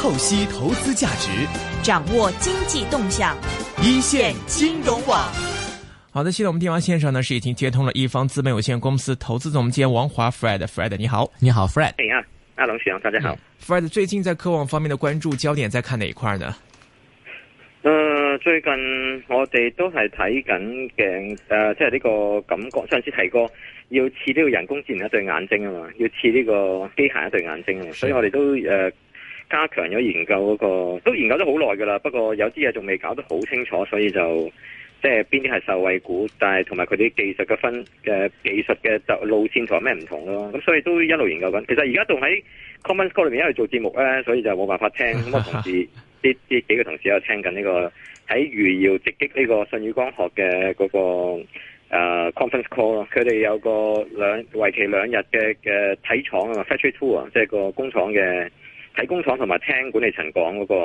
透析投資價值，掌握經濟動向，一線金融網。好的，現在我們電話線上呢是已經接通了一方資本有限公司投資總監王華 （Fred）。Fred，你好，你好，Fred。哎呀，阿龍先生，大家好。Fred，最近在科網方面的關注焦點在看哪一塊呢？呃、uh，最近我哋都係睇緊嘅，呃，即係呢個感覺，上次提過要刺呢個人工智能一對眼睛啊嘛，要刺呢個機械一對眼睛嘛，所以我哋都呃加強咗研究嗰、那個，都研究咗好耐噶啦。不過有啲嘢仲未搞得好清楚，所以就即係邊啲係受惠股，但係同埋佢哋技術嘅分嘅、呃、技術嘅就路線有同有咩唔同咯。咁所以都一路研究緊。其實而家仲喺 conference call 裏面一度做節目咧，所以就冇辦法聽。咁啊，同事啲啲 幾個同事又聽緊、這、呢個喺餘姚直擊呢個舜宇光學嘅嗰、那個、呃、conference call 咯。佢哋有個兩為期兩日嘅嘅體廠啊，factory tour 啊，即係個工廠嘅。喺工廠同埋聽管理層講嗰個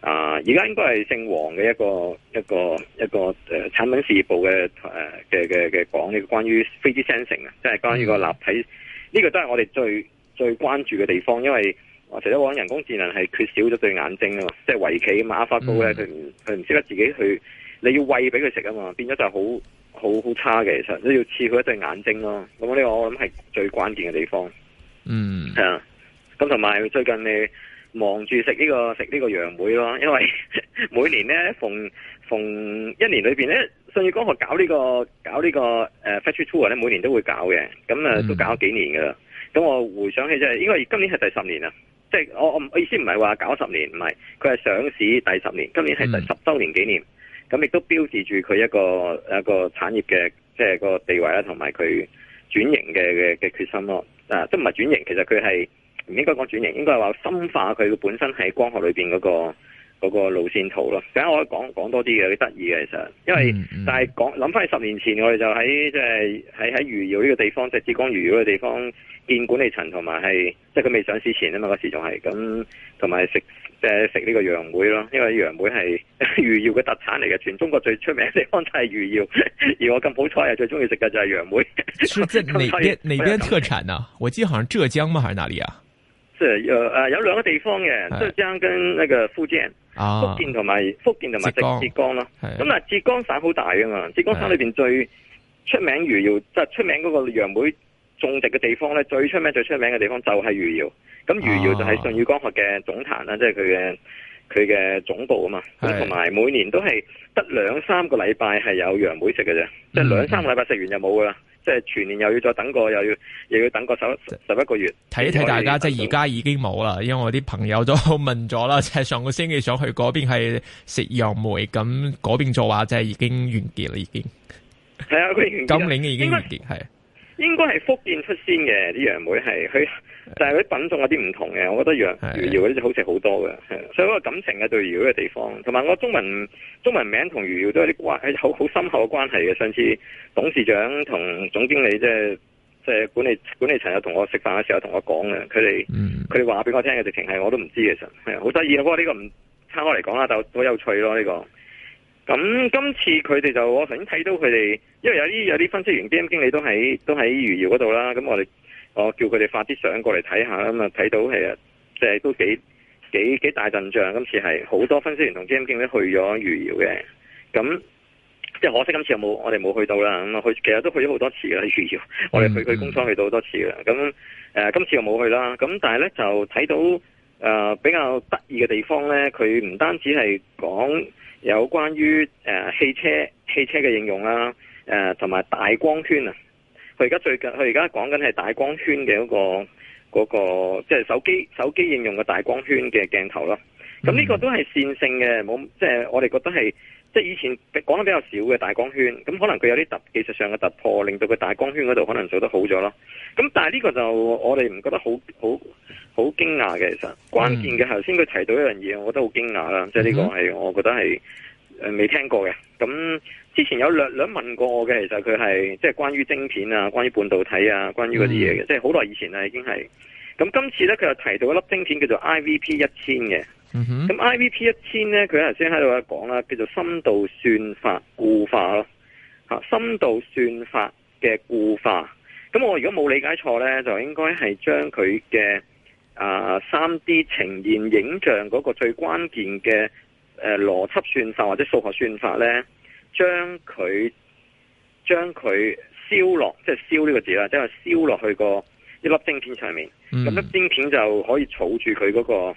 啊，而、呃、家應該係姓黃嘅一個一個一個誒、呃、產品事業部嘅誒嘅嘅嘅講呢個關於飛機 sensing 啊，即係關於個立體呢、嗯這個都係我哋最最關注嘅地方，因為我除咗講人工智能係缺少咗對眼睛啊嘛，即係圍棋啊嘛阿 l p h 咧佢佢唔識得自己去，你要喂俾佢食啊嘛，變咗就好好好差嘅，其實都要刺佢一對眼睛咯，咁呢個我諗係最關鍵嘅地方。嗯，係啊。咁同埋最近你忙住食呢個食呢個楊梅咯，因為每年咧逢逢一年裏邊咧，舜宇光學搞呢、這個搞呢個誒 factory tour 咧，每年都會搞嘅，咁啊都搞咗幾年噶啦。咁、嗯、我回想起就係、是、因為今年係第十年啦，即係我我，我意思唔係話搞十年，唔係佢係上市第十年，今年係第十周年紀念，咁、嗯、亦都標誌住佢一個一個產業嘅即係個地位啦，同埋佢轉型嘅嘅嘅決心咯。即、啊、都唔係轉型，其實佢係。唔應該講轉型，應該係話深化佢本身喺光學裏邊嗰個路線圖咯。等下我可以講多啲嘅，幾得意嘅其實。因為、嗯嗯、但係講諗翻十年前，我哋就喺即係喺喺餘姚呢個地方，即、就、係、是、浙江餘姚嘅地方，見管理層同埋係即係佢未上市前啊嘛，嗰個時仲係咁同埋食即係食呢個楊梅咯。因為楊梅係餘姚嘅特產嚟嘅，全中國最出名嘅地方就係餘姚。而我咁好彩啊，最中意食嘅就係楊梅。是在邊， 邊，哪邊特產啊？我記得好似浙江嘛，還是哪裏啊？即係、呃、有兩個地方嘅即係江跟呢個福建、啊，福建同埋福建同埋浙江，浙江咯。咁啊浙，浙江省好大㗎嘛，浙江省裏面最出名餘姚即係出名嗰個楊梅種植嘅地方咧，最出名最出名嘅地方就係餘姚。咁餘姚就係舜宇光學嘅總壇啦，即係佢嘅佢嘅總部啊嘛。咁同埋每年都係得兩三個禮拜係有楊梅食嘅啫，即係兩三個禮拜食完就冇噶啦。即、就、係、是、全年又要再等過，又要又要等過十十一個月。睇一睇大家，即係而家已經冇啦，因為我啲朋友都問咗啦，即係上個星期想去嗰邊係食楊梅，咁嗰邊做話即係已經完結啦，已經係啊，今年已經完結係。應該係福建出先嘅啲楊梅係，佢但係啲品種有啲唔同嘅，我覺得楊餘姚嗰啲好食好多嘅，所以嗰個感情嘅對餘姚嗰個地方，同埋我中文中文名同餘姚都有啲關，好好深厚嘅關係嘅。上次董事長同總經理即係即係管理管理層有同我食飯嘅時候同我講嘅，佢哋佢哋話俾我聽嘅直情係我都唔知其實，係好得意咯。不過呢個唔差我嚟講啦，就好有趣咯呢個。咁今次佢哋就我曾經睇到佢哋，因為有啲有啲分析員、基金經理都喺都喺餘姚嗰度啦。咁我哋我叫佢哋發啲相過嚟睇下啦嘛，睇、嗯、到係啊，即、就、係、是、都幾幾幾大陣仗。今次係好多分析員同基金經理都去咗餘姚嘅。咁、嗯、即係可惜今次又冇我哋冇去到啦。咁、嗯、啊，去其實都去咗好多次啦餘姚，我哋去佢、嗯、工廠去到好多次啦。咁、嗯、誒、呃，今次又冇去啦。咁但係咧就睇到誒、呃、比較得意嘅地方咧，佢唔單止係講。有關於誒、呃、汽車、汽車嘅應用啦、啊，誒同埋大光圈啊，佢而家最近佢而家講緊係大光圈嘅嗰個嗰個，即係手機手機應用嘅大光圈嘅鏡頭咯、啊。咁呢個都係線性嘅，冇即係我哋覺得係。即係以前講得比較少嘅大光圈，咁可能佢有啲突技術上嘅突破，令到佢大光圈嗰度可能做得好咗咯。咁但係呢個就我哋唔覺得好好好驚訝嘅，其實關鍵嘅頭先佢提到一樣嘢，我覺得好驚訝啦，即係呢個係我覺得係誒未聽過嘅。咁之前有略略問過我嘅，其實佢係即係關於晶片啊、關於半導體啊、關於嗰啲嘢嘅，即係好耐以前啊已經係。咁今次咧，佢又提到一粒晶片叫做 IVP 一千嘅。咁 I V P 一千咧，佢頭先喺度講啦，叫做深度算法固化咯，吓、啊、深度算法嘅固化。咁我如果冇理解錯咧，就應該係將佢嘅啊三 D 呈現影像嗰個最關鍵嘅誒、呃、邏輯算法或者數學算法咧，將佢將佢燒落，即係燒呢個字啦，即係燒落去、個一粒晶片上面，咁、mm -hmm. 粒晶片就可以儲住佢嗰、個。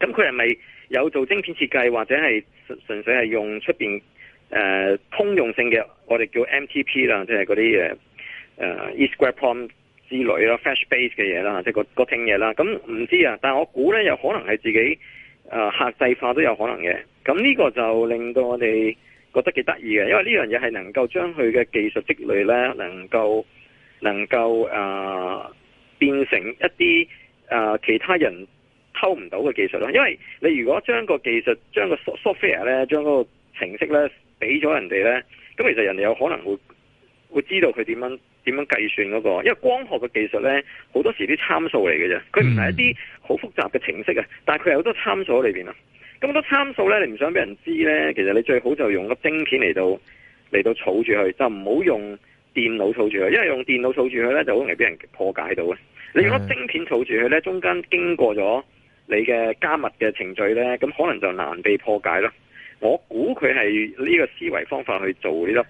咁佢係咪有做晶片設計，或者係純粹係用出面誒、呃、通用性嘅，我哋叫 MTP 啦，即係嗰啲誒 e square prom 之類咯，flash base 嘅嘢啦，即係個個聽嘢啦。咁、嗯、唔知啊，但係我估咧，有可能係自己誒、呃、客製化都有可能嘅。咁呢個就令到我哋覺得幾得意嘅，因為呢樣嘢係能夠將佢嘅技術積累咧，能夠能夠誒、呃、變成一啲誒、呃、其他人。抽唔到嘅技術咯，因為你如果將個技術、將個 software 咧、將嗰個程式咧俾咗人哋咧，咁其實人哋有可能會會知道佢點樣點樣計算嗰個，因為光學嘅技術咧好多時啲參數嚟嘅啫，佢唔係一啲好複雜嘅程式啊，嗯、但係佢有好多參數喺裏面啊。咁好多參數咧，你唔想俾人知咧，其實你最好就用個晶片嚟到嚟到儲住佢，就唔好用電腦儲住佢，因為用電腦儲住佢咧就好容易俾人破解到啊。你用粒晶片儲住佢咧，中間經過咗。你嘅加密嘅程序咧，咁可能就難被破解咯。我估佢係呢個思維方法去做呢粒，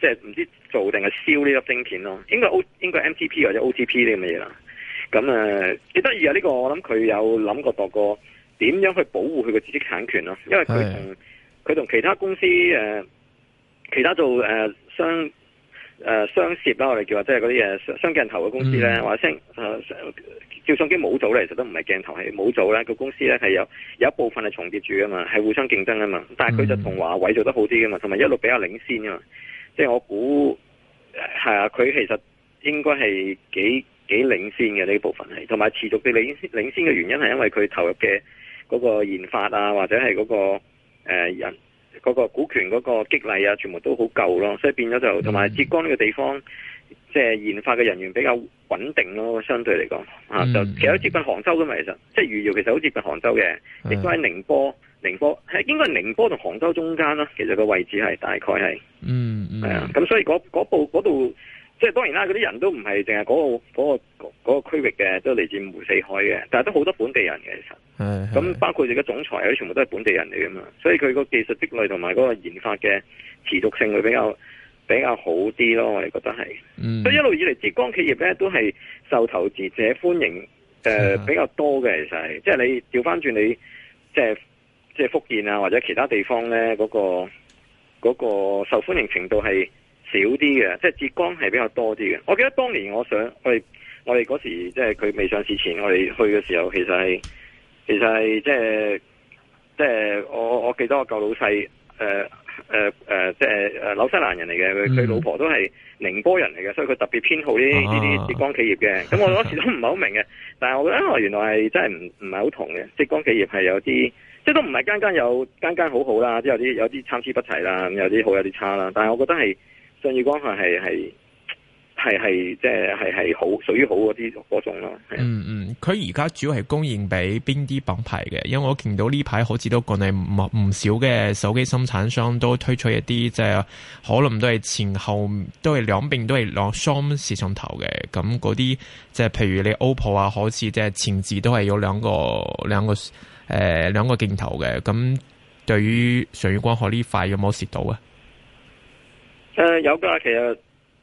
即係唔知做定係燒呢粒晶片咯。應該 O 應該 MTP 或者 OTP 啲咁嘅嘢啦。咁誒幾得意啊！呢個我諗佢有諗過度過點樣去保護佢嘅知識產權咯、啊。因為佢同佢同其他公司、呃、其他做誒、呃、商。誒、呃、雙攝啦，我哋叫啊，即係嗰啲嘢雙鏡頭嘅公司咧，或者誒照相機模組咧，其實都唔係鏡頭，係模組咧，個公司咧係有有一部分係重疊住㗎嘛，係互相競爭啊嘛，但係佢就同華為做得好啲㗎嘛，同埋一路比較領先㗎嘛，即係我估係啊，佢、呃、其實應該係幾幾領先嘅呢部分係，同埋持續地領領先嘅原因係因為佢投入嘅嗰個研發啊，或者係嗰、嗰個人。呃嗰、那個股權嗰個激勵啊，全部都好夠咯，所以變咗就同埋、嗯、浙江呢個地方，即、就、係、是、研發嘅人員比較穩定咯，相對嚟講、嗯啊、就其實接近杭州噶嘛，其實即係餘姚其實好接近杭州嘅，亦都喺寧波，寧波係應該係寧波同杭州中間啦，其實個位置係大概係，嗯嗯係啊，咁所以嗰嗰部嗰度。即係當然啦，嗰啲人都唔係淨係嗰個嗰個嗰個區域嘅，都嚟自五湖四海嘅，但係都好多本地人嘅其實。咁包括你嘅總裁啊，全部都係本地人嚟噶嘛，所以佢個技術積累同埋嗰個研發嘅持續性會比較比較好啲咯，我哋覺得係。嗯、所以一路以嚟，浙江企業呢都係受投資者歡迎誒、呃啊、比較多嘅，其實係。即係你調翻轉你即係即係福建啊，或者其他地方呢，嗰個嗰個受歡迎程度係少啲嘅，即係浙江係比較多啲嘅。我記得當年我想我哋我哋嗰時即係佢未上市前，我哋去嘅時候，其實係其實係即係即係我我記得我舊老細誒誒誒即係誒紐西蘭人嚟嘅，佢老婆都係寧波人嚟嘅，所以佢特別偏好呢啲、啊、浙江企業嘅。咁我嗰時都唔係好明嘅，但係我覺得原來係真係唔唔係好同嘅。浙江企業係有啲即係都唔係間間有間間好好啦，即係有啲有啲參差不齊啦，咁有啲好有啲差啦。但係我覺得係。舜宇光學係係係係即係係好屬於好嗰啲嗰種咯。嗯嗯，佢而家主要係供應俾邊啲品牌嘅？因為我見到呢排好似都國內唔唔少嘅手機生產商都推出一啲即係可能都係前後都係兩邊都係兩雙攝像頭嘅。咁嗰啲即係譬如你 OPPO 啊，好似即係前置都係有兩個兩個誒兩個鏡頭嘅。咁對於舜宇光學呢塊有冇蝕到啊？誒、呃，有噶、啊，其實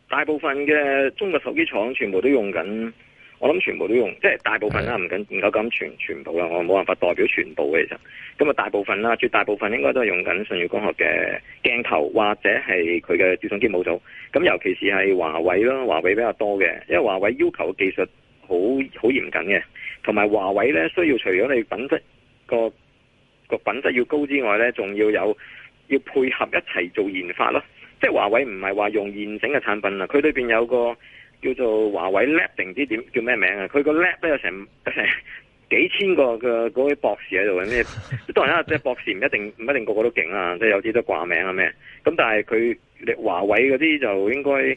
大部分嘅中國手機廠全部都用緊，我諗全部都用，即係大部分啦，唔緊唔夠咁全全，全部啦，我冇辦法代表全部嘅，其實，咁啊大部分啦，絕大部分應該都係用緊舜宇光學嘅鏡頭或者係佢嘅自相機模組，咁尤其是係華為咯，華為比較多嘅，因為華為要求技術好好嚴謹嘅，同埋華為呢，需要除咗你品質個個品質要高之外呢，仲要有要配合一齊做研發咯。即係華為唔係話用現成嘅產品啊，佢裏邊有個叫做華為 Lab 定唔知點叫咩名啊，佢個 Lab 都有成成幾千個嘅嗰啲博士喺度嘅咩，當然啦，即係博士唔一定唔一定個個都勁啊，即係有啲都掛名啊咩，咁但係佢華為嗰啲就應該，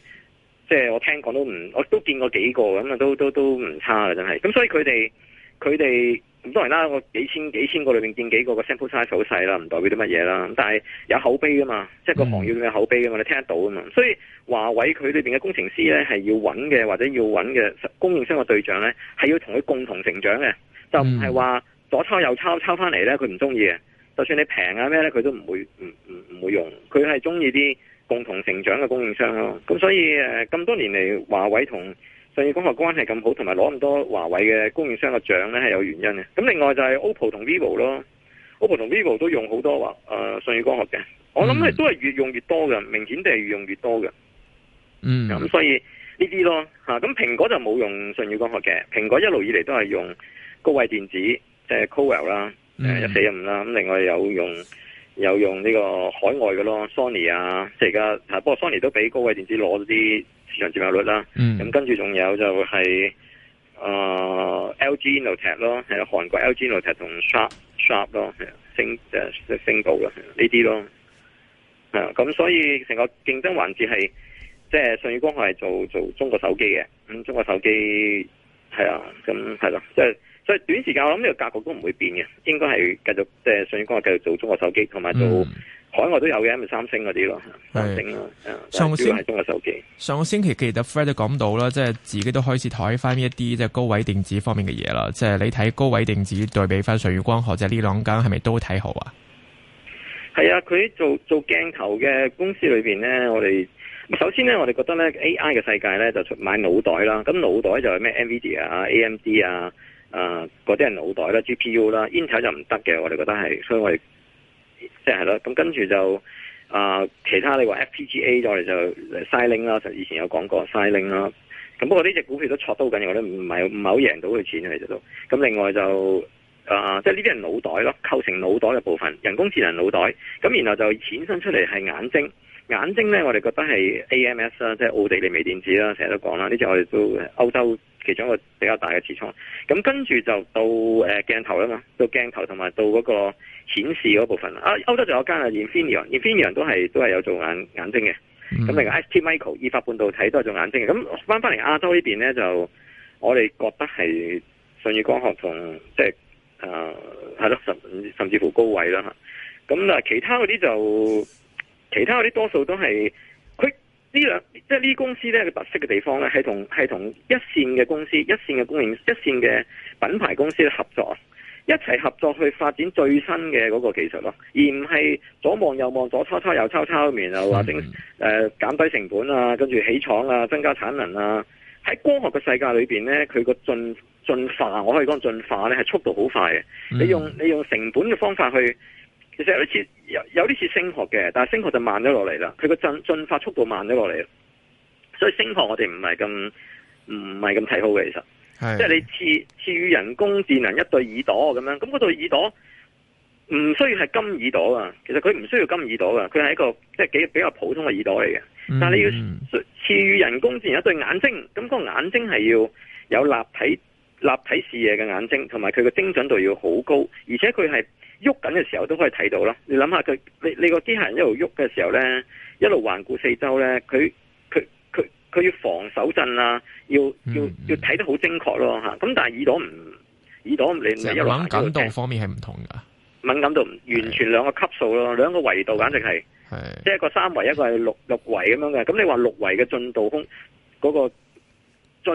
即係我聽講都唔，我都見過幾個咁啊，都都都唔差啦，真係，咁所以佢哋佢哋。咁當然啦，我幾千幾千個裏面見幾個，個 sample size 好細啦，唔代表啲乜嘢啦。但係有口碑噶嘛，嗯、即係個行業有口碑噶嘛，你聽得到㗎嘛。所以華為佢裏面嘅工程師咧，係、嗯、要揾嘅或者要揾嘅供應商嘅對象咧，係要同佢共同成長嘅，就唔係話左抄右抄抄翻嚟咧，佢唔中意嘅。就算你平啊咩咧，佢都唔會唔唔唔會用。佢係中意啲共同成長嘅供應商咯。咁、嗯、所以咁多年嚟，華為同。舜宇光學關係咁好，同埋攞咁多華為嘅供應商嘅獎咧，係有原因嘅。咁另外就係 OPPO 同 VIVO 咯，OPPO 同 VIVO 都用好多話誒舜宇光學嘅，我諗係都係越用越多嘅，mm. 明顯地係越用越多嘅。嗯，咁所以呢啲咯吓，咁、啊、蘋果就冇用舜宇光學嘅，蘋果一路以嚟都係用高偉電子，即係 Cowell 啦，一、mm. 呃、四一五啦，咁另外有用有用呢個海外嘅咯，Sony 啊，即係而家不過 Sony 都俾高偉電子攞咗啲，市場佔有率啦，咁跟住仲有就係、是、誒、呃、LG Innotek 咯，係韓國 LG Innotek 同 Sharp Sharp 咯，升誒升到啦呢啲咯，啊咁所以成個競爭環節係即係舜宇光係做做中國手機嘅，咁、嗯、中國手機係啊，咁係咯，即係所以短時間我諗呢個格局都唔會變嘅，應該係繼續即係舜宇光繼續做中國手機同埋做。嗯海外都有嘅，咪三星嗰啲咯，三星咯。上個星期，上個星期記得 Fred 都講到啦，即係自己都開始睇翻一啲即係高位電子方面嘅嘢啦。即係你睇高位電子對比翻舜宇光學，者呢兩間係咪都睇好啊？係啊，佢做做鏡頭嘅公司裏邊呢，我哋首先呢，我哋覺得呢 AI 嘅世界呢，就出買腦袋啦。咁腦袋就係咩？NVIDIA 啊，AMD 啊，誒嗰啲係腦袋啦，GPU 啦，Intel 就唔得嘅。我哋覺得係，所以我哋。即係咯，咁跟住就啊、呃，其他你話 FPGA 再就 Xilinx 啦，就以前有講過 Xilinx 啦。咁不過呢隻股票都錯到緊，我都唔係唔係好贏到佢錢嚟嘅其實都。咁另外就啊、呃，即係呢啲係腦袋咯，構成腦袋嘅部分，人工智能腦袋。咁然後就延伸出嚟係眼睛。眼睛咧，我哋覺得係 AMS 啦，即係奧地利微電子啦，成日都講啦。呢隻我哋都歐洲其中一個比較大嘅滲窗。咁跟住就到呃、鏡頭啦嘛，到鏡頭同埋到嗰個顯示嗰部分。啊，歐洲仲有間啊、mm -hmm.，Infineon，Infineon 都係都係有做眼眼睛嘅。咁、mm -hmm. 另外 STMicro 意法半導體都係做眼睛嘅。咁翻翻嚟亞洲呢邊咧，就我哋覺得係舜宇光學同即係啊，係咯，甚甚至乎高位啦嚇。咁嗱，其他嗰啲就。其他嗰啲多數都係佢呢兩，即係呢公司咧嘅特色嘅地方咧，係同係同一線嘅公司、一線嘅供應、一線嘅品牌公司合作，一齊合作去發展最新嘅嗰個技術咯，而唔係左望右望，左抄抄右抄抄裏面又話整誒減低成本啊，跟住起廠啊，增加產能啊。喺光學嘅世界裏邊咧，佢個進進化，我可以講進化咧係速度好快嘅。嗯。你用你用成本嘅方法去。其實有啲似有有啲似聲學嘅，但係聲學就慢咗落嚟啦。佢個進進化速度慢咗落嚟啦，所以聲學我哋唔係咁唔係咁睇好嘅。其實，即係你賜賜予人工智能一對耳朵咁樣，咁嗰對耳朵唔需要係金耳朵啊。其實佢唔需要金耳朵噶，佢係一個即係幾比較普通嘅耳朵嚟嘅。但係你要賜予人工智能一對眼睛，咁個眼睛係要有立體。立體視野嘅眼睛，同埋佢嘅精準度要好高，而且佢係喐緊嘅時候都可以睇到啦。你諗下佢，你你個機械人一路喐嘅時候咧，一路環顧四周咧，佢佢佢佢要防手震啊，要要要睇得好精確咯吓。咁但係耳朵唔，耳朵唔係一路喐嘅。即係敏感度方面係唔同噶。敏感度唔完全兩個級數咯，兩個維度簡直係，即係一個三維，一個係六六維咁樣嘅。咁你話六維嘅進度風嗰、嗰個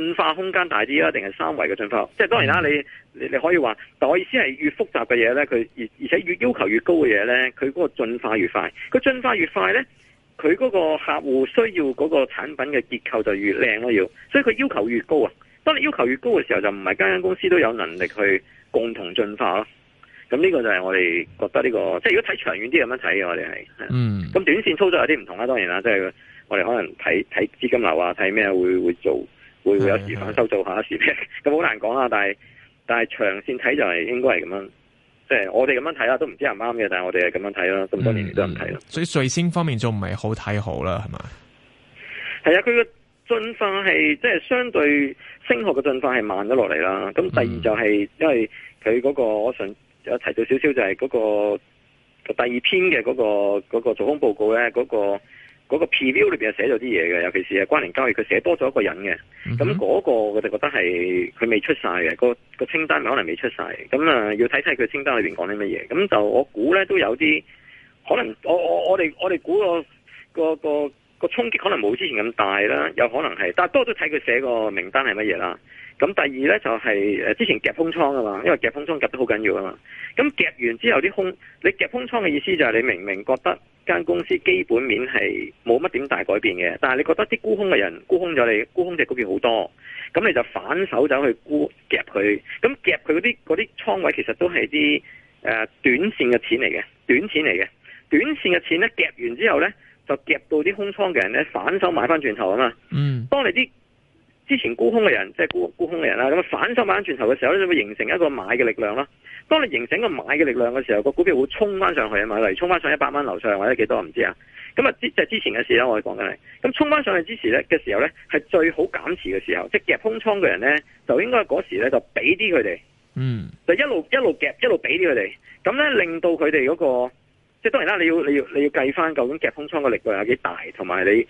進化空間大啲啊，定係三維嘅進化？即係當然啦，你你可以話，但係我意思係越複雜嘅嘢呢，佢而而且越要求越高嘅嘢呢，佢嗰個進化越快。佢進化越快呢，佢嗰個客戶需要嗰個產品嘅結構就越靚咯。要所以佢要求越高啊。當你要求越高嘅時候，就唔係間間公司都有能力去共同進化咯。咁呢個就係我哋覺得呢個，即係如果睇長遠啲咁樣睇嘅，我哋係嗯。咁短線操作有啲唔同啦，當然啦，即係我哋可能睇睇資金流啊，睇咩會會做。會會有時反收做一下，時平咁好難講啊！但係但係長線睇就係應該係咁樣，即係我哋咁樣睇啦，都唔知係唔啱嘅，但係我哋係咁樣睇啦，咁多年嚟,都唔睇啦。所以瑞星方面就唔係好睇好啦，係咪？係啊，佢嘅進化係即係相對升幅嘅進化係慢咗落嚟啦。咁第二就係，嗯，因為佢嗰個我想有提到少少，就係嗰個第二篇嘅嗰個嗰個做空報告咧，嗰個。嗰個 preview 裏面係寫咗啲嘢嘅，尤其是係關聯交易，佢寫多咗一個人嘅。咁嗰個我就覺得係佢未出曬嘅，個個清單可能未出曬。咁啊，要睇睇佢清單裏面講啲乜嘢。咁就我估咧都有啲可能，我我我哋我哋估個個個個衝擊可能冇之前咁大啦，有可能係，但多都睇佢寫個名單係乜嘢啦。咁第二呢，就係之前夾空倉啊嘛，因為夾空倉夾得好緊要啊嘛。咁夾完之後啲空，你夾空倉嘅意思就係你明明覺得間公司基本面係冇乜點大改變嘅，但係你覺得啲沽空嘅人沽空咗你沽空隻股票好多，咁你就反手走去沽夾佢。咁夾佢嗰啲嗰啲倉位其實都係啲短線嘅錢嚟嘅，短錢嚟嘅，短線嘅錢呢，夾完之後呢，就夾到啲空倉嘅人呢，反手買翻轉頭啊嘛。嗯，當你啲之前沽空嘅人，即係沽沽空嘅人啦，咁反手買翻轉頭嘅時候咧，就會形成一個買嘅力量啦。當你形成一個買嘅力量嘅時候，個股票會衝翻上去啊，例如衝翻上一百蚊樓上或者幾多，唔知啊。咁啊，即係之前嘅事啦，我哋講緊你。咁衝翻上去之前咧嘅時候咧，係最好減持嘅時候，即係夾空倉嘅人咧，就應該嗰時咧就俾啲佢哋，嗯，就一路一路夾一路俾啲佢哋，咁咧令到佢哋嗰個，即係當然啦，你要你要你要計翻究竟夾空倉嘅力量有幾大，同埋你誒嗰、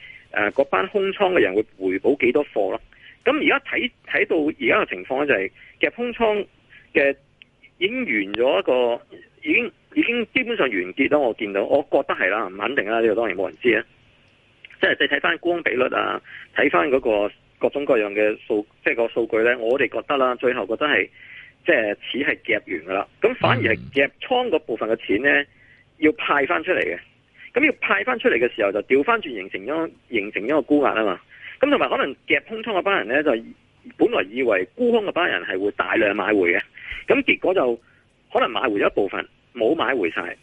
呃、班空倉嘅人會回補幾多貨咯。咁而家睇睇到而家嘅情況咧，就是，就係夾空倉嘅已經完咗一個，已經已經基本上完結啦。我見到，我覺得係啦，唔肯定啦，呢度當然冇人知啊。即係你睇翻沽比率啊，睇翻嗰個各種各樣嘅數，即係個數據咧，我哋覺得啦，最後覺得係即係似係夾完噶啦。咁反而係夾倉嗰部分嘅錢咧，要派翻出嚟嘅。咁要派翻出嚟嘅時候，就調翻轉形成咗形成一個沽壓啊嘛。咁同埋可能夾空倉嗰班人咧，就本來以為沽空嗰班人係會大量買回嘅，咁結果就可能買回咗一部分，冇買回晒。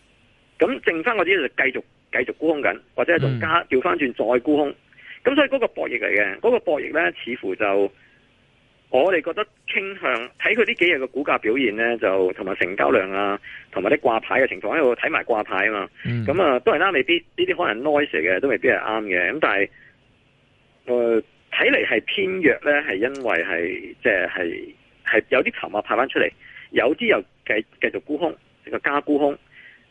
咁剩翻嗰啲就繼續繼續沽空緊，或者係仲加調翻轉再沽空。咁所以嗰個博弈嚟嘅，嗰、嗰個博弈咧，似乎就我哋覺得傾向睇佢呢幾日嘅股價表現咧，就同埋成交量啊，同埋啲掛牌嘅情況，喺度睇埋掛牌啊嘛。咁、嗯、啊，都係啦，未必呢啲可能 noise 嘅，都未必係啱嘅。咁但係。誒、呃，睇嚟係偏弱咧，係因為係即係係有啲籌碼派翻出嚟，有啲又繼繼續沽空，個加沽空，誒、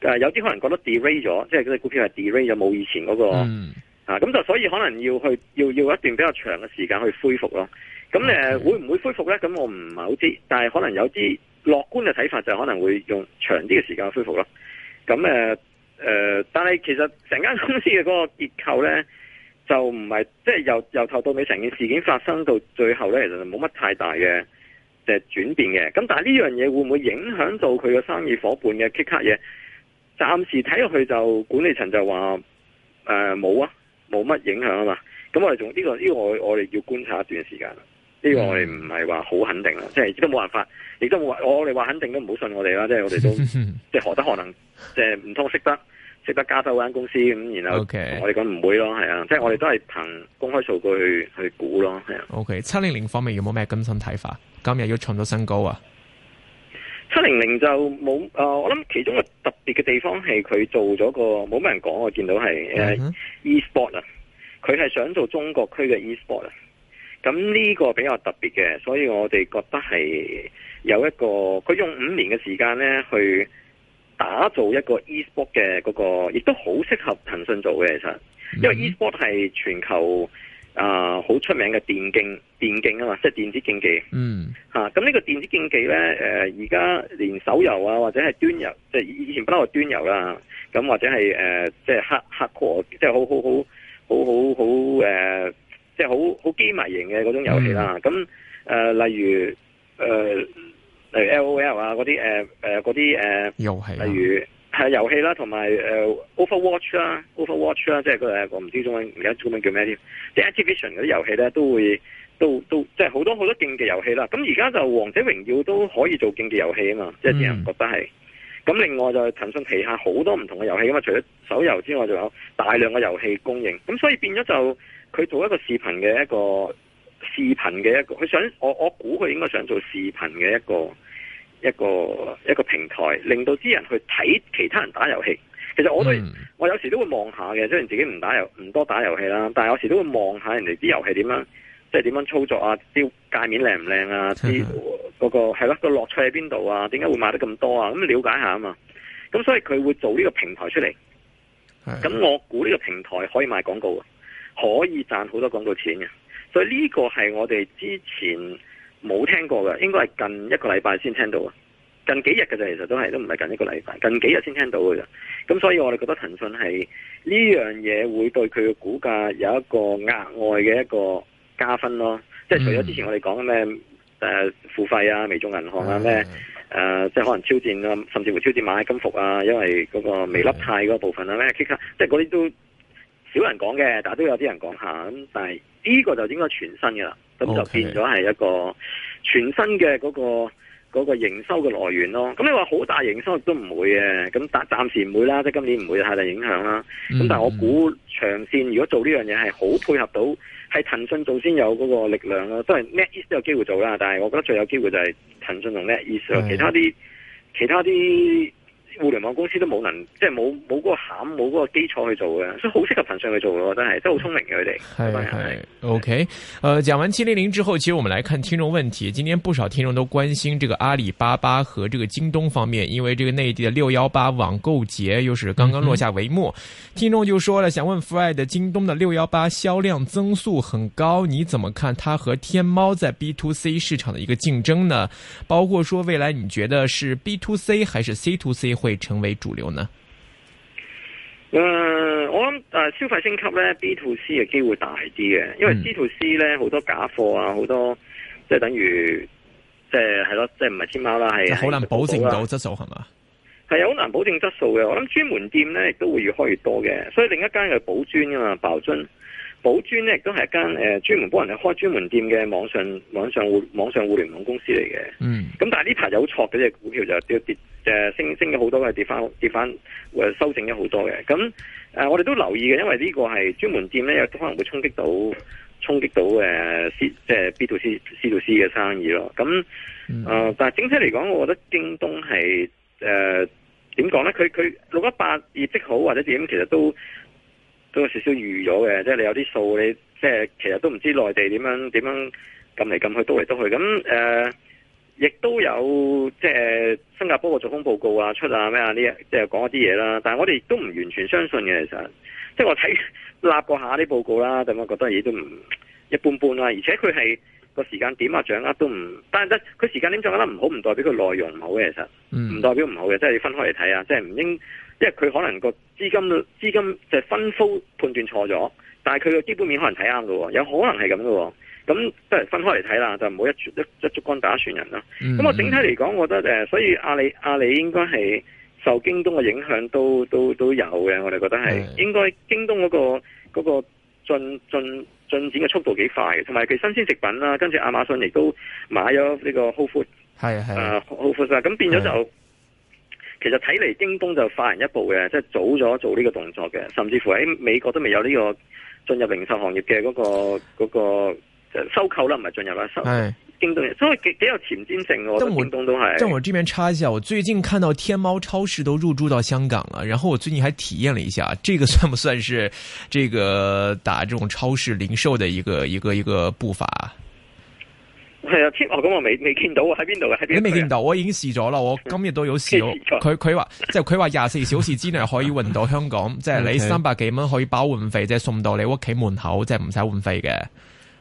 呃，有啲可能覺得 degrade 咗，即係嗰隻股票係 degrade 咗，冇以前嗰、嗰個、嗯、啊，咁就所以可能要去要要一段比較長嘅時間去恢復咯。咁誒，會唔會恢復咧？咁我唔係好知，但係可能有啲樂觀嘅睇法就可能會用長啲嘅時間去恢復咯。咁誒誒，但係其實成間公司嘅嗰個結構咧，就唔係即係由由頭到尾成件事件發生到最後咧，其實冇乜太大嘅嘅、誒、轉變嘅。咁但係呢樣嘢會唔會影響到佢嘅生意伙伴嘅 keycard 嘢？暫時睇落去就管理層就話誒冇啊，冇乜影響啊嘛。咁我哋仲呢個呢個我我哋要觀察一段時間。呢個我哋唔係話好肯定啊、嗯，即係都冇辦法，亦都冇話我我哋話肯定都唔好信我哋啦。 即係我哋都即係何德何能，即係唔通識得。即係加州嗰間公司咁，然後我哋講唔會咯，係、okay. 啊，即係我哋都係憑公開數據去、okay. 去估咯。係啊。O K. 七零零方面有冇咩更新睇法？今日要創咗新高啊！七零零就冇，誒、呃，我諗其中個特別嘅地方係佢做咗個冇咩人講，我見到係 e-sport 啊，佢、uh、係 -huh. uh, e、想做中國區嘅 e-sport 啊。咁呢個比較特別嘅，所以我哋覺得係有一個佢用五年嘅時間咧去。打造一個 e-sport 嘅嗰、那個，亦都好適合騰訊做嘅其實，因為 e-sport 係全球啊好、呃、出名嘅電競，電競啊嘛，即係電子競技。嗯，嚇咁呢個電子競技咧，誒而家連手遊啊，或者係端遊，即係以前不嬲係端遊啦，咁、嗯、或者係誒即係黑黑科即係好好好好好好誒，即係 Hard 好好機迷、呃、型嘅嗰種遊戲啦。咁、嗯、誒、呃、例如誒。呃例如 L O L 啊，嗰啲誒嗰啲誒例如係遊戲啦，同埋 Overwatch 啦，Overwatch 啦，即係佢誒我唔知中文而家中文叫咩啲啲 Activation 嗰啲遊戲咧，都會都都即係好多好多競技遊戲啦。咁而家就王者榮耀都可以做競技遊戲啊嘛，嗯、即係啲人覺得係。咁另外就騰訊旗下好多唔同嘅遊戲啊嘛，除咗手遊之外，仲有大量嘅遊戲供應。咁所以變咗就佢做一個視頻嘅一個。視頻嘅一個，佢想我我估佢應該想做視頻嘅一個一個一個平台，令到啲人去睇其他人打遊戲。其實我都、嗯、我有時都會望下嘅，雖然自己唔打遊唔多打遊戲啦，但係有時都會望下人哋啲遊戲點樣，即係點樣操作啊，啲界面靚唔靚啊，啲嗰、嗰個係咯個樂趣喺邊度啊，點解會賣得咁多啊？咁了解下啊嘛。咁所以佢會做呢個平台出嚟。咁、嗯、我估呢個平台可以賣廣告，可以賺好多廣告錢嘅。所以呢個係我哋之前冇聽過嘅，應該係近一個禮拜先聽到，近幾日嘅啫。其實都係都唔係近一個禮拜，近幾日先聽到嘅啫。咁所以我哋覺得騰訊係呢樣嘢，會對佢嘅股價有一個額外嘅一個加分咯。即係除咗之前我哋講咩誒付費啊、微眾銀行啊咩誒、呃，即係可能挑戰啊，甚至乎挑戰螞蟻金服啊，因為嗰個微粒貸嗰部分啊咩，即係嗰啲都少人講嘅，但係都有啲人講下咁，但係。呢、這個就應該全新嘅啦，咁就變咗係一個全新嘅嗰、那個嗰、okay. 營收嘅來源咯。咁你話好大營收亦都唔會嘅，咁暫暫時唔會啦，即係今年唔會太大影響啦。咁、mm -hmm. 但係我估長線如果做呢樣嘢係好配合到，係騰訊做先有嗰個力量啦。都係 NetEase 都有機會做啦，但係我覺得最有機會就係騰訊同 NetEase 其他啲其他啲。互聯網公司都冇能，即係冇冇個餡，冇個基礎去做嘅，所以好適合騰訊去做嘅，但係都好聰明嘅佢哋。係係、hey, hey,，OK，誒、呃，講完七零零之後，其實我們來看聽眾問題。今天不少聽眾都關心這個阿里巴巴和這個京東方面，因為這個內地嘅六幺八網購節又是剛剛落下帷幕，嗯、聽眾就說了，想問 Fred，京東的六幺八銷量增速很高，你怎麼看？它和天貓在 B to C 市場的一個競爭呢？包括說未來你覺得是 B to C 還是 C to C 會？會成為主流呢？誒、嗯，我諗誒、啊，消費升級呢，B to C 嘅機會大啲嘅，因為 B to C 呢，好多假貨啊，好多即係等於即係係咯，即係唔係天貓啦，係好難保證到質素係嘛，係好難保證質素嘅。我諗專門店呢，亦都會越開越多嘅，所以另一間嘅寶尊啊嘛，爆樽。寶尊咧亦都係一間誒專門幫人哋開專門店嘅網上網上,網上互網上互聯網公司嚟嘅，咁、嗯、但係呢排有挫嘅隻股票就跌誒升升咗好多嘅，跌翻跌翻誒修正咗好多嘅。咁誒、呃、我哋都留意嘅，因為呢個係專門店咧，有可能會衝擊到衝擊到誒，即係 B 2 C C 2 C 嘅生意咯。咁誒、呃，但係整體嚟講，我覺得京東係誒點講咧？佢佢六一八業績好或者點，其實都。都有少少預咗嘅，即係你有啲數，你即係其實都唔知內地點樣點樣撳嚟撳去，篤嚟篤去。咁誒，亦、呃、都有即係新加坡個逐風報告啊出啊咩啊呢？即係講一啲嘢啦。但係我哋亦都唔完全相信嘅，其實。即係我睇立過下啲報告啦，咁我覺得嘢都唔一般般啦。而且佢係個時間點啊，掌握都唔，但係得佢時間點掌握得唔好，唔代表佢內容唔好嘅。其實，唔代表唔好嘅、就是，即係要分開嚟睇啊。即係唔應。即係佢可能個資金資金就是分佈判斷錯咗，但係佢嘅基本面可能睇啱嘅，有可能係咁嘅。咁都係分開嚟睇啦，就唔好一一一竹竿打一船人啦。咁、嗯、我整體嚟講，我覺得誒，所以阿里阿里應該係受京東嘅影響都都都有嘅。我哋覺得係應該京東嗰、那個嗰、那個進進進展嘅速度幾快嘅，同埋其實新鮮食品啦，跟住亞馬遜亦都買咗呢個 Whole Food、呃、係係啊 Whole Food 啦，咁變咗就。是的是的其實睇嚟，京東就快人一步嘅，即係早咗做呢個動作嘅，甚至乎喺美國都未有呢個進入零售行業嘅，嗰、嗰個，嗰個收購啦，唔係進入啦，收。哎、京東所以幾幾有前瞻性，我京東都係。但我這邊插一下，我最近看到天貓超市都入駐到香港啦，然後我最近還體驗了一下，這個算不算是這個打這種超市零售的一個一個一個步伐？係啊，天、嗯、哦咁我未未見到喎，喺邊度喺邊？你未見到？我已經試咗啦，我今日都有試。佢佢話，即係佢話廿四小時之內可以運到香港，即係 你三百幾蚊，可以包運費，即、就、係、是、送到你屋企門口，即係唔使運費嘅。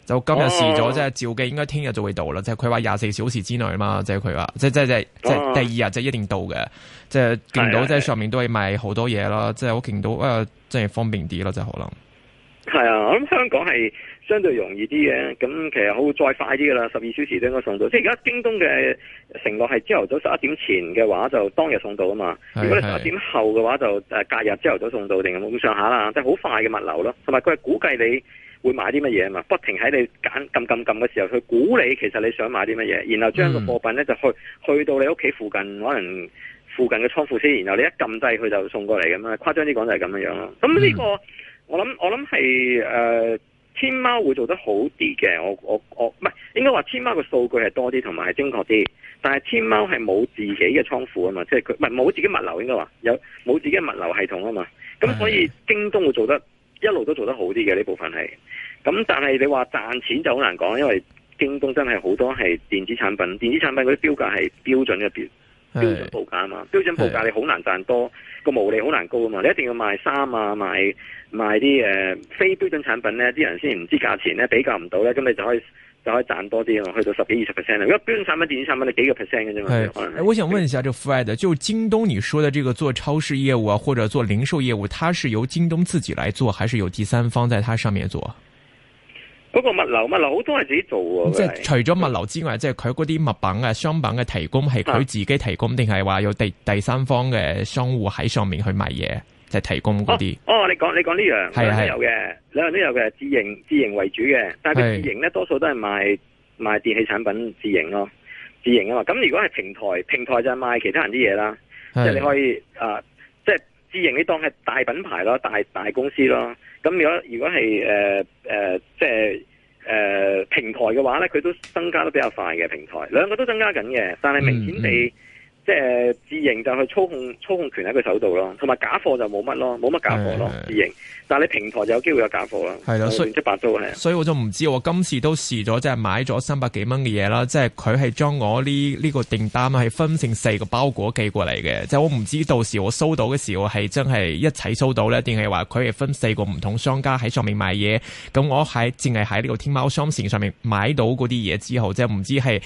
就今日試咗，即係、哦、照計應該聽日就會到啦。即係佢話廿四小時之內嘛，即係佢話，即即即即第二日即係一定到嘅。即係見到即係、哦、上面都係賣好多嘢啦，即係我見到誒，真係方便啲啦，真係可能。係啊，我諗香港係相對容易啲嘅，咁、嗯、其實好再快啲噶啦，十二小時都應該送到。即係而家京東嘅承諾係朝頭早十一點前嘅話就當日送到啊嘛。是是，如果你十一點後嘅話就誒隔日朝頭早送到，定咁上下啦，即係好快嘅物流咯。同埋佢係估計你會買啲乜嘢啊嘛，不停喺你揀撳撳撳嘅時候去估你其實你想買啲乜嘢，然後將個貨品咧、嗯、就去去到你屋企附近，可能附近嘅倉庫先，然後你一撳低，佢就送過嚟咁樣。誇張啲講就係咁樣樣咯。咁呢、呢個。嗯我諗我諗係誒，天貓會做得好啲嘅。我我我唔係應該話天貓嘅數據係多啲同埋係精確啲，但係天貓係冇自己嘅倉庫啊嘛，即係佢唔係冇自己物流應該話有冇自己物流系統啊嘛。咁所以京東會做得一路都做得好啲嘅呢部分係。咁但係你話賺錢就好難講，因為京東真係好多係電子產品，電子產品嗰啲標價係標準嘅。啲。標準報價嘛，標準報價你好難賺多，個毛利好難高啊嘛，你一定要賣衫啊，賣賣啲誒、呃、非標準產品咧，啲人先唔知價錢咧，比較唔到咧，咁你就可以就可以賺多啲咯，去到十幾二十 percent。如果標準產品、電子產品，你幾個 percent 嘅啫嘛。誒、哎，我想問一下，就 Fred，就京東你說的這個做超市業務啊，或者做零售業務，它是由京東自己來做，還是有第三方在它上面做？嗰、那個物流，物流好多係自己做。即係除咗物流之外，嗯、即係佢嗰啲物品啊、商品嘅提供係佢自己提供，定係話有第第三方嘅商戶喺上面去賣嘢，即、就、係、是、提供嗰啲，哦。哦，你講你講呢樣，係係都有嘅，兩樣都有嘅，自營自營為主嘅，但係佢自營咧，多數都係賣賣電器產品自營咯，自營啊嘛。咁如果係平台，平台就係賣其他人啲嘢啦，即係你可以啊、呃，即係自營你當係大品牌咯，大大公司咯。嗯咁如果如果係誒誒，即係誒、呃、平台嘅話咧，佢都增加得比較快嘅平台，兩個都增加緊嘅，但係明顯你。嗯嗯即係自營就係操控操控權喺佢手度咯，同埋假貨就冇乜咯，冇乜假貨咯，自營。但你平台就有機會有假貨咯。係咯，所以出白做嘅。所以我就唔知我今次都試咗，即係買咗三百幾蚊嘅嘢啦。即係佢係將我呢呢個訂單係分成四個包裹寄過嚟嘅。即係我唔知到時候我收到嘅時候係真係一齊收到咧，定係話佢係分四個唔同商家喺上面買嘢。咁我喺淨係喺呢個天貓商 h 上面買到嗰啲嘢之後，即係唔知係。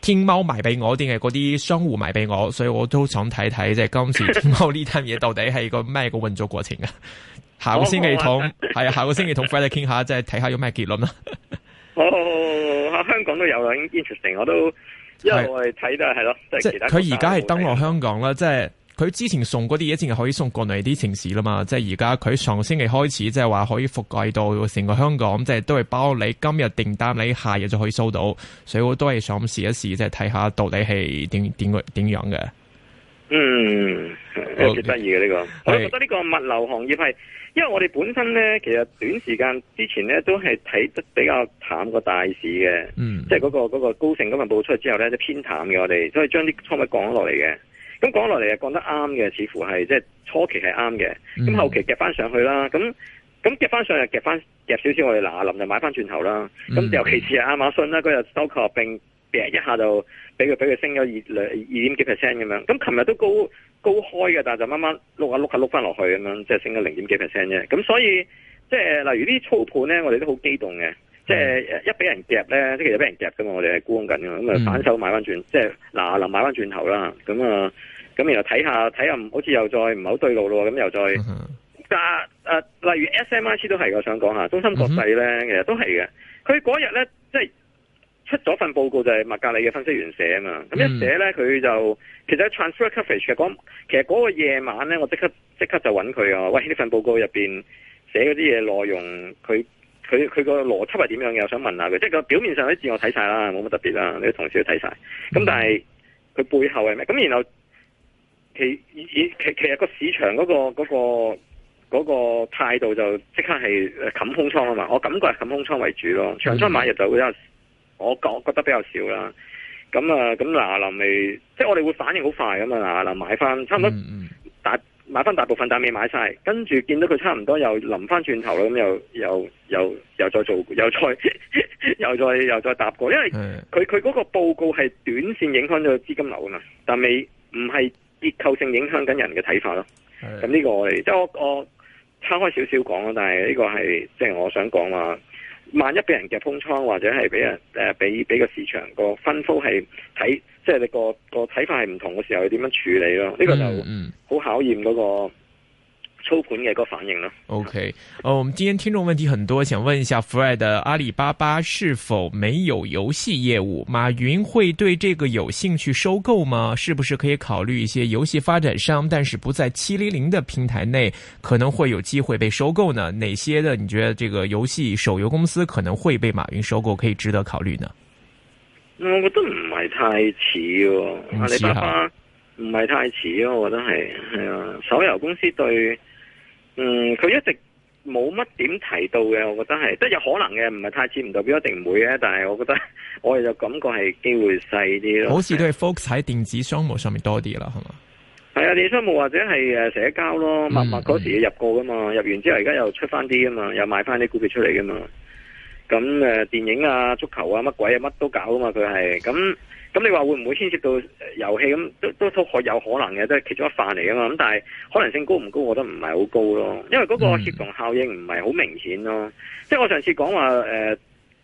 天貓賣俾我，定係嗰啲商戶賣俾我，所以我都想睇睇，即係今次天貓呢單嘢到底係個咩個運作過程啊？下個星期同係啊，下個星期同 friend 傾下，即係睇下有咩結論啦。哦，香港都有啊，interesting，我都因為我係睇到係咯，即係佢而家係登落香港啦， 即係。佢之前送嗰啲嘢，只係可以送國內啲城市啦嘛。即係而家佢上個星期開始，即係話可以覆蓋到成個香港，即係都係包你今日訂單，你下日就可以收到。所以我都係想試一試，即係睇下到底係點點點樣嘅。嗯，好得意嘅呢個。我覺得呢個物流行業係，因為我哋本身咧，其實短時間之前咧都係睇得比較淡個大市嘅。嗯。即係嗰個嗰個高盛今日報出嚟之後咧，就偏淡嘅。我哋所以將啲倉物降咗落嚟嘅。咁講落嚟又降得啱嘅，似乎係即係初期係啱嘅。咁、mm -hmm. 後期夾翻上去啦，咁咁夾翻上去，夾翻夾少少，我哋嗱林就買翻轉頭啦。咁、mm -hmm. 尤其是阿亞馬遜啦，嗰日收購並並一下就俾佢俾佢升咗二兩二點幾 percent 咁樣。咁琴日都高高開嘅，但係就掹掹碌下碌下碌翻落去咁樣，即係升咗零點幾 percent 啫。咁所以即係例如啲操盤咧，我哋都好激動嘅。即係一俾人夾咧，即係其實俾人夾噶嘛，我哋係觀緊噶，咁啊反手買翻轉、嗯，即係嗱嗱買翻轉頭啦，咁啊咁然後睇下睇下，唔好似又再唔係好對路咯，咁又再、嗯、但、呃、例如 S M I C 都係我想講下，中芯國際咧、嗯，其實都係嘅。佢嗰日咧，即係出咗份報告，就係麥格理嘅分析員寫啊嘛。咁、嗯、一寫咧，佢就其實 transfer coverage 講，其實嗰個夜晚咧，我即刻即刻就揾佢啊。喂，呢份報告入面寫嗰啲嘢內容，佢。佢佢個邏輯係點樣嘅？我想問下佢，即係個表面上啲字我睇晒啦，冇乜特別啦，你啲同事都睇晒，咁、mm -hmm. 但係佢背後係咩？咁然後其以其其實嗰個市場嗰個嗰個嗰個態度就即刻係冚空倉啊嘛，我感覺係冚空倉為主咯，長倉買入就會有，我覺覺得比較少啦。咁啊咁嗱嗱臨，即係我哋會反應好快㗎嘛，嗱嗱臨買翻，差唔多打。Mm -hmm. 買翻大部分，但未買晒，跟住見到佢差唔多又臨翻轉頭啦，咁又又又又再做，又再 又再又再搭過，因為佢佢嗰個報告係短線影響咗資金流啊嘛，但未唔係結構性影響緊人嘅睇法咯。咁呢個我哋即係我我差開少少講啦，但係呢個係即係我想講話。萬一俾人夾空倉，或者係俾人誒俾俾個市場個吩咐係睇，即係你個個睇法係唔同嘅時候，你點樣處理咯？呢、這個就好考驗嗰、那個。操盤嘅一個反應咯、okay，嗯。OK，我們今天聽眾問題很多，想問一下 Fred，阿里巴巴是否沒有遊戲業務？馬雲會對這個有興趣收購嗎？是不是可以考慮一些遊戲發展商，但是不在七零零的平台內，可能會有機會被收購呢？哪些的你覺得這個遊戲手遊公司可能會被馬雲收購，可以值得考慮呢？我覺得唔係太似哦、嗯，阿里巴巴唔係太似咯，我覺得係係啊，手遊公司對。嗯，佢一直冇乜點提到嘅，我覺得係即係有可能嘅，唔係太似，唔代表一定唔會嘅。但係我覺得我哋就感覺係機會細啲咯。好似都係 focus 喺電子商務上面多啲啦，係嘛？係啊，電子商務或者係誒社交咯，陌陌嗰時也入過噶嘛，入完之後而家又出翻啲噶嘛，又賣翻啲股票出嚟噶嘛。咁誒、呃，電影啊、足球啊、乜鬼啊、乜都搞啊嘛，佢係咁。咁你話會唔會牽涉到遊戲，咁都都都可有可能嘅，都係其中一範嚟㗎嘛。咁但係可能性高唔高？我覺得唔係好高咯。因為嗰個協同效應唔係好明顯咯。嗯、即係我上次講話誒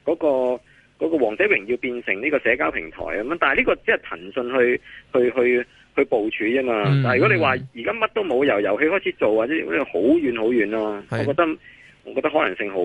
嗰個嗰、嗰個王者榮耀變成呢個社交平台咁樣，但係呢個即係騰訊去去去去，去部署啫嘛。嗯、但係如果你話而家乜都冇，由遊戲開始做，或者好遠好遠咯，我覺得。我覺得可能性好，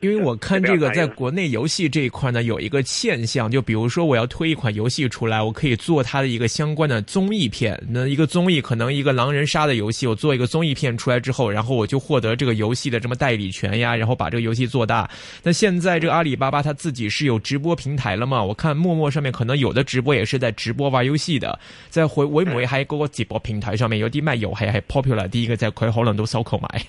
因為我看這個在國內遊戲這一塊呢，有一個現象，就比如說我要推一款遊戲出來，我可以做它的一個相關的綜藝片。那一個綜藝可能一個狼人殺的遊戲，我做一個綜藝片出來之後，然後我就獲得這個遊戲的這麼代理權呀，然後把這個遊戲做大。那現在這個阿里巴巴，它自己是有直播平台了嘛？我看陌陌上面可能有的直播也是在直播玩遊戲的。再回維摩喺嗰個直播平台上面有啲咩遊戲係 popular 啲嘅，就佢可能都收購埋。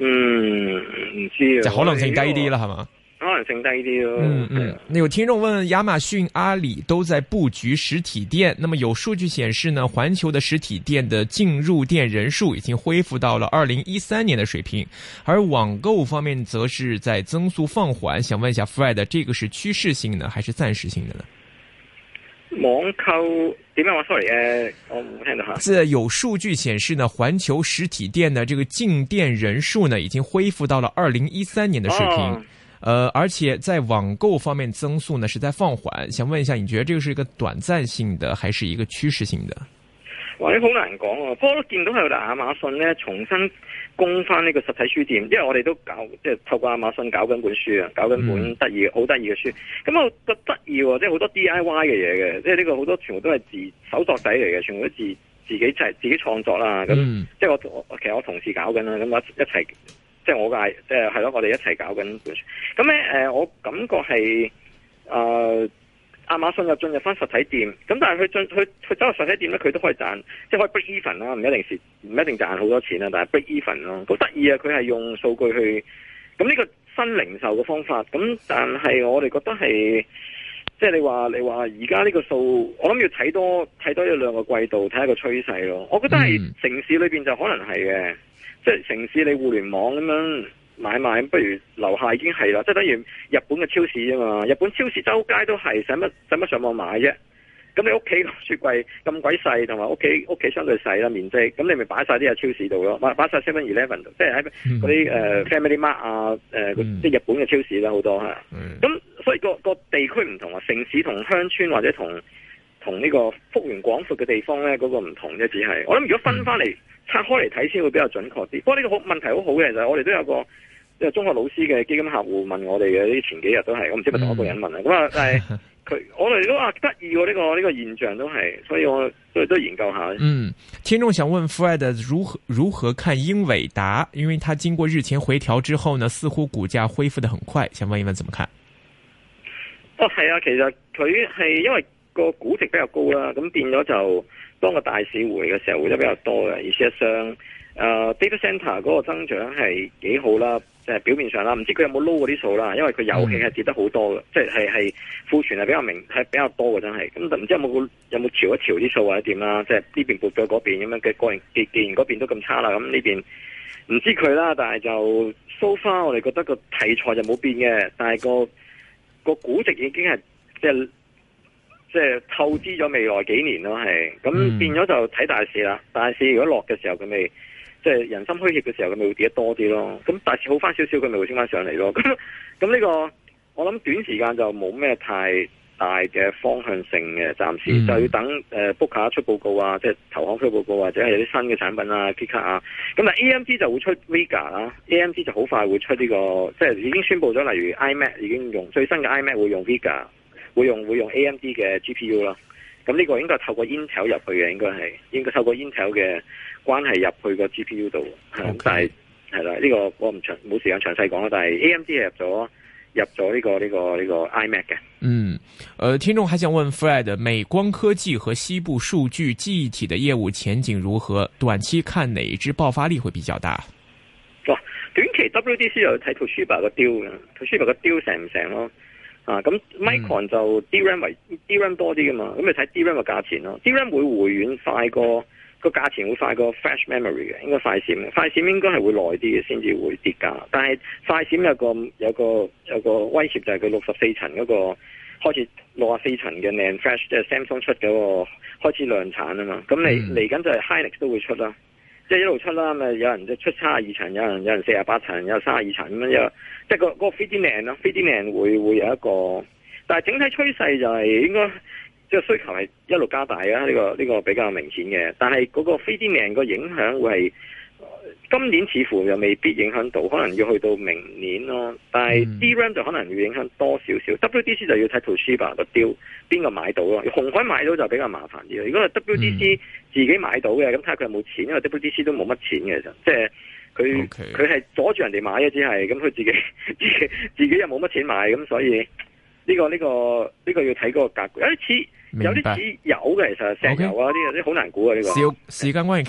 嗯，唔知啊，就可能性低啲啦，係嘛？可能性低啲咯。嗯嗯，那有聽眾問，亞馬遜、阿里都在布局實體店，那麼有數據顯示呢，環球的實體店的進入店人數已經恢復到了二零一三年的水平，而網購方面則是在增速放緩。想問一下 Fred，這個是趨勢性呢，還是暫時性的呢？網購點樣？我 sorry 誒、呃，我冇聽到吓。有數據顯示呢，環球實體店呢，這個進店人數呢，已經恢復到了二零一三年的水平、哦。呃，而且在網購方面增速呢是在放緩。想問一下，你覺得這個是一個短暫性的，還是一個趨勢性的？哇，好難講啊、哦。不過都見到有亞馬遜呢，重新。供翻呢個實體書店，因為我哋都搞，即係透過亞馬遜搞緊本書啊，搞緊本得意、好得意嘅書。咁我覺得得意喎，即係好多 D I Y 嘅嘢嘅，即係呢個好多全部都係自手作仔嚟嘅，全部都自自己就係自己創作啦。咁、mm. 即係我其實我同事搞緊啦，咁一一齊，即係我嘅即係係咯，我哋一齊搞緊本書。咁咧誒，我感覺係誒。呃亞馬遜又進入翻實體店，咁但係佢進佢佢走入實體店咧，佢都可以賺，即係可以 break even 啦，唔一定蝕唔一定賺好多錢啦，但係 break even 咯。好得意啊，佢係用數據去，咁呢個新零售嘅方法，咁但係我哋覺得係，即係你話你話而家呢個數，我諗要睇多睇多一兩個季度，睇下個趨勢咯。我覺得係城市裏面，就可能係嘅，即係城市你互聯網咁樣。買賣不如樓下已經係啦，即係等於日本嘅超市啊嘛！日本超市周街都係，使乜使乜上網買啫？咁你屋企個雪櫃咁鬼細，同埋屋企屋企相對細啦面積，咁你咪擺晒啲喺超市度咯，擺晒 Seven Eleven，即係喺嗰啲誒、嗯呃、FamilyMart 啊，呃嗯、即係日本嘅超市啦好多咁、嗯、所以個個地區唔同啊，城市同鄉村或者同同呢個幅員廣闊嘅地方咧，嗰、那個唔同啫。只係。我諗如果分翻嚟拆開嚟睇先會比較準確啲、嗯。不過呢個好問題，好好嘅就係我哋都有個。即係中學老師嘅基金客戶問我哋嘅，啲前幾日都係，我唔知咪同一個人問啦。咁、嗯、 啊，但係佢我哋都啊得意喎，呢個呢個現象都係，所以我都、嗯、都研究一下。嗯，聽眾想問 Fred 如何如何看英偉達，因為他經過日前回調之後呢，似乎股價恢復得很快，想問一問怎麼看？哦，係啊，其實佢係因為個估值比較高啦，咁、嗯、變咗就、嗯、當個大市回嘅時候回得比較多嘅，而事實上誒 data center 嗰個增長係幾好啦。表面上啦，唔知佢有冇撈嗰啲數啦，因為佢油氣係跌得好多嘅，即係係庫存係比較明，係比較多嘅，真係。咁就唔知有冇有冇調一調啲數或者點啦？即係呢邊撥咗嗰邊咁樣嘅，個人既然嗰邊都咁差啦，咁呢邊唔知佢啦。但係就 so far，我哋覺得個題材就冇變嘅，但係個個估值已經係即係即係透支咗未來幾年咯，係咁變咗就睇大市啦。大市如果落嘅時候，佢咪。即、就、係、是、人心虛怯嘅時候，佢咪會跌得多啲咯。咁大市好翻少少，佢咪會升翻上嚟咯。咁咁呢個我諗短時間就冇咩太大嘅方向性嘅，暫時、嗯、就要等誒 book、呃、下出報告啊，即係投行出報告、啊、或者係有啲新嘅產品啊 p i c t 卡啊。咁但 A M D 就會出 Vega 啦，A M D 就好快會出呢、這個，即、就、係、是、已經宣布咗，例如 iMac 已經用最新嘅 iMac 會用 Vega，會用會用 A M D 嘅 G P U 啦。咁呢個應該透過 Intel 入去嘅，應該係應該透過 Intel 嘅。關係入去個 GPU 度，嗯 okay. 但係係啦，呢、這個我唔長冇時間詳細講啦。但係 AMD 係入咗入咗呢、這個呢、這個呢、這個 iMac 嘅。嗯，誒、呃，聽眾還想問 Fred，美光科技和西部數據記憶體的業務前景如何？短期看哪一支爆發力會比較大？哇，短期 WDC 又睇 Toshiba 個 deal 嘅，Toshiba 個 deal 成唔成咯？啊，咁 Micron 就 DRAM 為、嗯、DRAM 多啲噶嘛，咁你睇 DRAM 嘅價錢咯、嗯、，DRAM 會回軟快過。個價錢會快過 flash memory 嘅，應該快閃，快閃應該係會耐啲嘅先至會跌價。但係快閃有個有個有個威脅就係佢六十四層嗰個開始六啊四層嘅 NAND flash，即係 Samsung 出嗰個開始量產啊嘛。咁嚟嚟緊就係 Hynix 都會出啦，即係一路出啦。咪有人就出卅二層，有人有人四啊八層，有卅二層咁樣，又即係個嗰個 3D NAND 咯，3D NAND 會會有一個，但係整體趨勢就係應該。即係需求係一路加大啊！呢、這個呢、這個比較明顯嘅，但係嗰個非疫名個影響會係、呃、今年似乎又未必影響到，可能要去到明年咯。但係 DRAM 就可能要影響多少少、嗯、，WDC 就要睇 Toshiba 個雕邊個買到咯。紅海買到就比較麻煩啲。如果係 WDC 自己買到嘅，咁睇下佢有冇錢，因為 WDC 都冇乜錢嘅，其實即係佢佢係阻住人哋買嘅，只係，咁佢自己自己，自己又冇乜錢買，咁所以呢、這個呢、這個呢、這個要睇嗰個格局，有有啲似油嘅，其實石油啊啲啲好難估啊呢個。